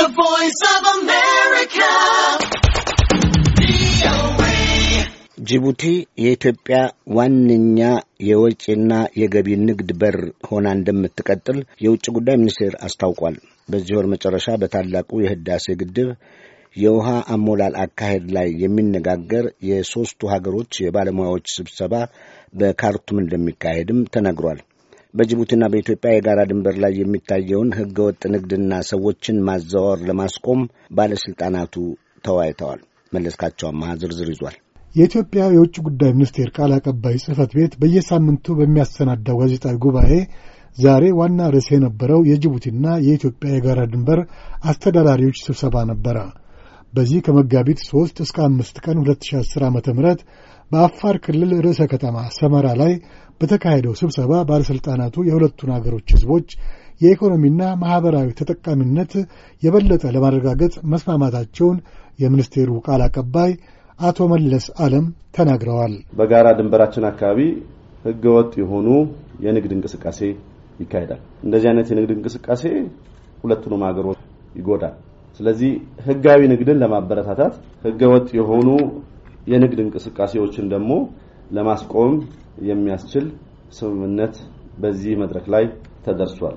The Voice of America. ጅቡቲ የኢትዮጵያ ዋነኛ የወጪና የገቢ ንግድ በር ሆና እንደምትቀጥል የውጭ ጉዳይ ሚኒስቴር አስታውቋል። በዚህ ወር መጨረሻ በታላቁ የህዳሴ ግድብ የውሃ አሞላል አካሄድ ላይ የሚነጋገር የሦስቱ ሀገሮች የባለሙያዎች ስብሰባ በካርቱም እንደሚካሄድም ተነግሯል። በጅቡቲና በኢትዮጵያ የጋራ ድንበር ላይ የሚታየውን ህገወጥ ንግድና ሰዎችን ማዘዋወር ለማስቆም ባለሥልጣናቱ ተወያይተዋል። መለስካቸው አማሃ ዝርዝር ይዟል። የኢትዮጵያ የውጭ ጉዳይ ሚኒስቴር ቃል አቀባይ ጽህፈት ቤት በየሳምንቱ በሚያሰናዳው ጋዜጣዊ ጉባኤ ዛሬ ዋና ርዕስ የነበረው የጅቡቲና የኢትዮጵያ የጋራ ድንበር አስተዳዳሪዎች ስብሰባ ነበረ። በዚህ ከመጋቢት 3 እስከ 5 ቀን 2010 ዓ ም በአፋር ክልል ርዕሰ ከተማ ሰመራ ላይ በተካሄደው ስብሰባ ባለሥልጣናቱ የሁለቱን አገሮች ሕዝቦች የኢኮኖሚና ማኅበራዊ ተጠቃሚነት የበለጠ ለማረጋገጥ መስማማታቸውን የሚኒስቴሩ ቃል አቀባይ አቶ መለስ አለም ተናግረዋል። በጋራ ድንበራችን አካባቢ ህገወጥ የሆኑ የንግድ እንቅስቃሴ ይካሄዳል። እንደዚህ አይነት የንግድ እንቅስቃሴ ሁለቱንም ሀገሮች ይጎዳል። ስለዚህ ህጋዊ ንግድን ለማበረታታት ወጥ የሆኑ የንግድ እንቅስቃሴዎችን ደግሞ ለማስቆም የሚያስችል ስምምነት በዚህ መድረክ ላይ ተደርሷል።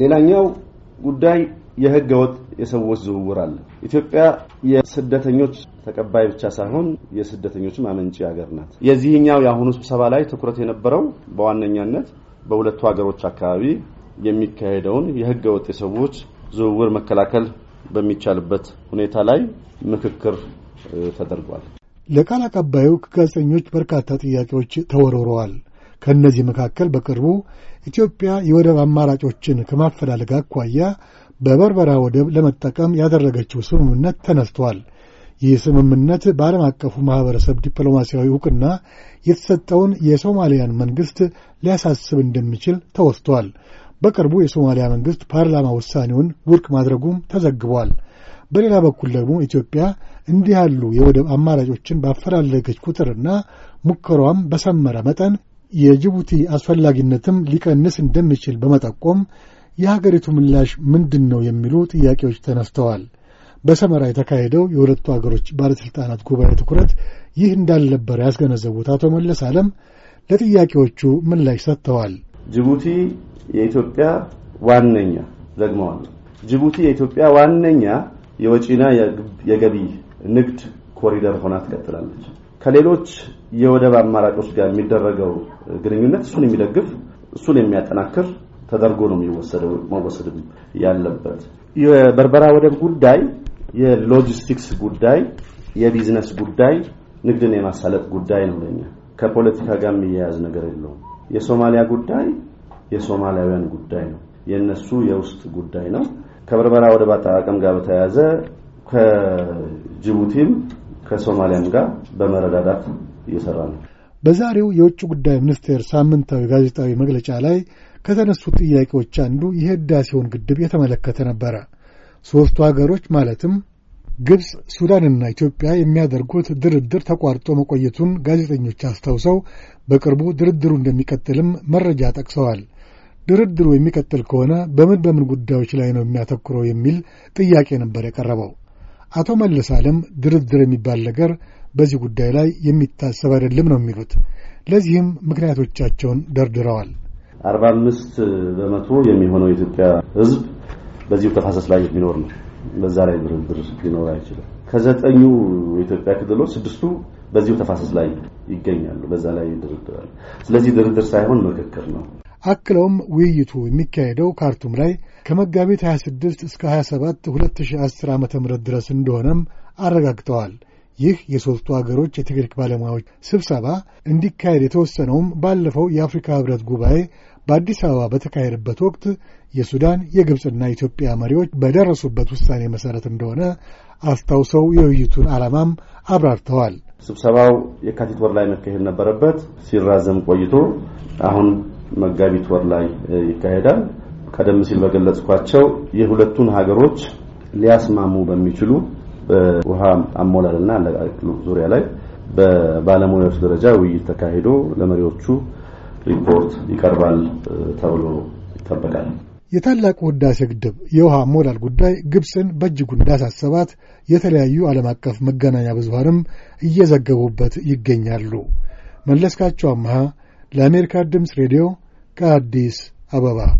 ሌላኛው ጉዳይ የህገ ወጥ የሰዎች ዝውውር አለ። ኢትዮጵያ የስደተኞች ተቀባይ ብቻ ሳይሆን የስደተኞችም አመንጪ ሀገር ናት። የዚህኛው የአሁኑ ስብሰባ ላይ ትኩረት የነበረው በዋነኛነት በሁለቱ ሀገሮች አካባቢ የሚካሄደውን የህገ ወጥ የሰዎች ዝውውር መከላከል በሚቻልበት ሁኔታ ላይ ምክክር ተደርጓል። ለቃል አቀባዩ ከጋዜጠኞች በርካታ ጥያቄዎች ተወርውረዋል። ከእነዚህ መካከል በቅርቡ ኢትዮጵያ የወደብ አማራጮችን ከማፈላለግ አኳያ በበርበራ ወደብ ለመጠቀም ያደረገችው ስምምነት ተነስቷል። ይህ ስምምነት በዓለም አቀፉ ማኅበረሰብ ዲፕሎማሲያዊ ዕውቅና የተሰጠውን የሶማሊያን መንግሥት ሊያሳስብ እንደሚችል ተወስቷል። በቅርቡ የሶማሊያ መንግሥት ፓርላማ ውሳኔውን ውድቅ ማድረጉም ተዘግቧል። በሌላ በኩል ደግሞ ኢትዮጵያ እንዲህ ያሉ የወደብ አማራጮችን ባፈላለገች ቁጥርና ሙከሯም በሰመረ መጠን የጅቡቲ አስፈላጊነትም ሊቀንስ እንደሚችል በመጠቆም የሀገሪቱ ምላሽ ምንድን ነው የሚሉ ጥያቄዎች ተነስተዋል። በሰመራ የተካሄደው የሁለቱ አገሮች ባለሥልጣናት ጉባኤ ትኩረት ይህ እንዳልነበረ ያስገነዘቡት አቶ መለስ ዓለም ለጥያቄዎቹ ምላሽ ሰጥተዋል። ጅቡቲ የኢትዮጵያ ዋነኛ ደግመዋል። ጅቡቲ የኢትዮጵያ ዋነኛ የወጪና የገቢ ንግድ ኮሪደር ሆና ትቀጥላለች። ከሌሎች የወደብ አማራጮች ጋር የሚደረገው ግንኙነት እሱን የሚደግፍ እሱን የሚያጠናክር ተደርጎ ነው የሚወሰደው መወሰድ ያለበት። የበርበራ ወደብ ጉዳይ የሎጂስቲክስ ጉዳይ፣ የቢዝነስ ጉዳይ፣ ንግድን የማሳለጥ ጉዳይ ነው ለኛ። ከፖለቲካ ጋር የሚያያዝ ነገር የለውም። የሶማሊያ ጉዳይ የሶማሊያውያን ጉዳይ ነው፣ የእነሱ የውስጥ ጉዳይ ነው። ከበርበራ ወደብ አጠቃቀም ጋር በተያያዘ ከጅቡቲም ከሶማሊያም ጋር በመረዳዳት እየሰራ ነው። በዛሬው የውጭ ጉዳይ ሚኒስቴር ሳምንታዊ ጋዜጣዊ መግለጫ ላይ ከተነሱ ጥያቄዎች አንዱ የህዳሴውን ግድብ የተመለከተ ነበረ። ሦስቱ ሀገሮች ማለትም ግብፅ፣ ሱዳንና ኢትዮጵያ የሚያደርጉት ድርድር ተቋርጦ መቆየቱን ጋዜጠኞች አስታውሰው በቅርቡ ድርድሩ እንደሚቀጥልም መረጃ ጠቅሰዋል። ድርድሩ የሚቀጥል ከሆነ በምን በምን ጉዳዮች ላይ ነው የሚያተኩረው የሚል ጥያቄ ነበር የቀረበው። አቶ መለስ አለም ድርድር የሚባል ነገር በዚህ ጉዳይ ላይ የሚታሰብ አይደለም ነው የሚሉት። ለዚህም ምክንያቶቻቸውን ደርድረዋል። አርባ አምስት በመቶ የሚሆነው የኢትዮጵያ ሕዝብ በዚሁ ተፋሰስ ላይ የሚኖር ነው። በዛ ላይ ድርድር ሊኖር አይችልም። ከዘጠኙ የኢትዮጵያ ክልሎች ስድስቱ በዚሁ ተፋሰስ ላይ ይገኛሉ። በዛ ላይ ድርድር አለ። ስለዚህ ድርድር ሳይሆን ምክክር ነው። አክለውም ውይይቱ የሚካሄደው ካርቱም ላይ ከመጋቢት 26 እስከ 27 2010 ዓ ም ድረስ እንደሆነም አረጋግጠዋል። ይህ የሦስቱ አገሮች የቴክኒክ ባለሙያዎች ስብሰባ እንዲካሄድ የተወሰነውም ባለፈው የአፍሪካ ህብረት ጉባኤ በአዲስ አበባ በተካሄደበት ወቅት የሱዳን የግብፅና ኢትዮጵያ መሪዎች በደረሱበት ውሳኔ መሠረት እንደሆነ አስታውሰው የውይይቱን ዓላማም አብራርተዋል። ስብሰባው የካቲት ወር ላይ መካሄድ ነበረበት፣ ሲራዘም ቆይቶ አሁን መጋቢት ወር ላይ ይካሄዳል። ቀደም ሲል በገለጽኳቸው የሁለቱን ሀገሮች ሊያስማሙ በሚችሉ በውሃ አሞላልና አለቃቅሉ ዙሪያ ላይ በባለሙያዎች ደረጃ ውይይት ተካሂዶ ለመሪዎቹ ሪፖርት ይቀርባል ተብሎ ይጠበቃል። የታላቁ ህዳሴ ግድብ የውሃ ሞላል ጉዳይ ግብፅን በእጅጉ እንዳሳሰባት የተለያዩ ዓለም አቀፍ መገናኛ ብዙሃንም እየዘገቡበት ይገኛሉ። መለስካቸው አምሃ ለአሜሪካ ድምፅ ሬዲዮ ከአዲስ አበባ